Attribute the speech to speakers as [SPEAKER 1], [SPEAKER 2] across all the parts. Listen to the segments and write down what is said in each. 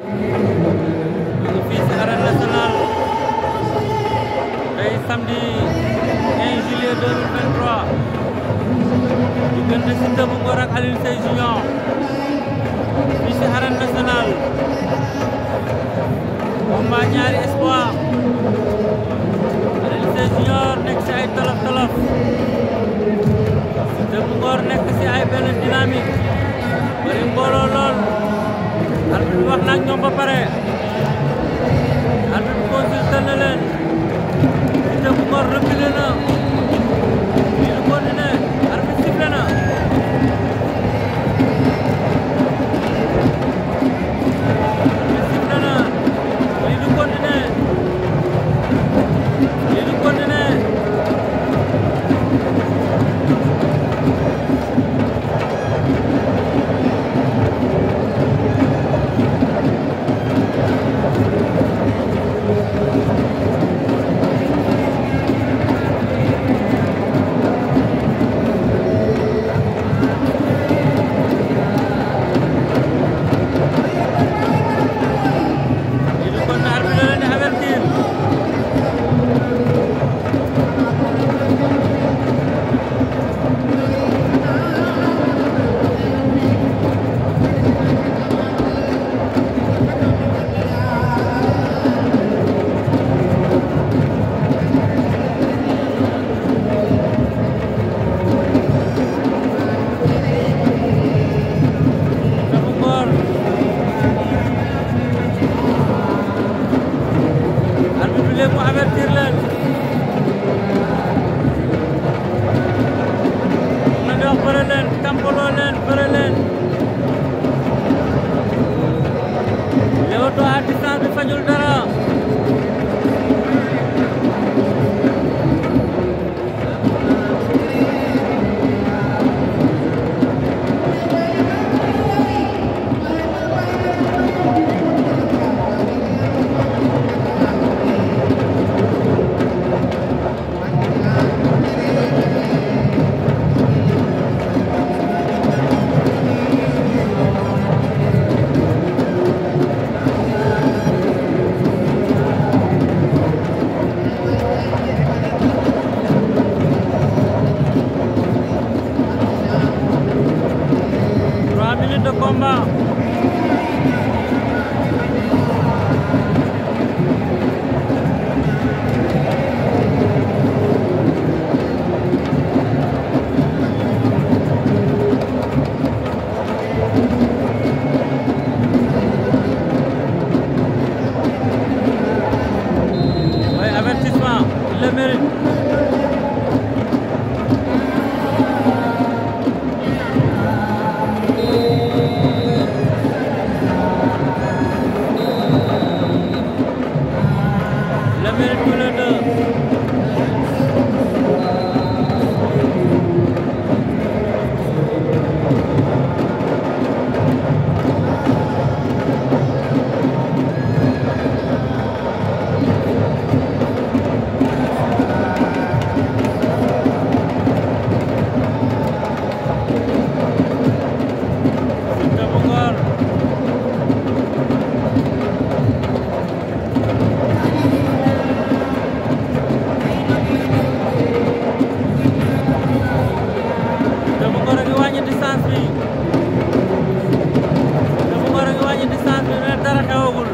[SPEAKER 1] ñu fii ci arène nationale tey samedi 15 juillet 2023 diggante Siteu bu Ngor ak Alioune Seye Junior fii ci arène nationale combat ñaari espoir Alioune Seye Junior nekk ci ay tolof tolof Siteu bu Ngor nekk ci ay benn dynamique bari mbooloo lool wax nañ ñoom ba pare arbitre bi consulté na leen jàppaloo leen bëre leen Leewtoo à distance bi fajul dara de combat. wàññi distance bi Ibou Mor a ngi wàññi distance bi mais dara xewagul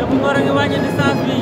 [SPEAKER 1] Ibou Mor a ngi wàññi distance bi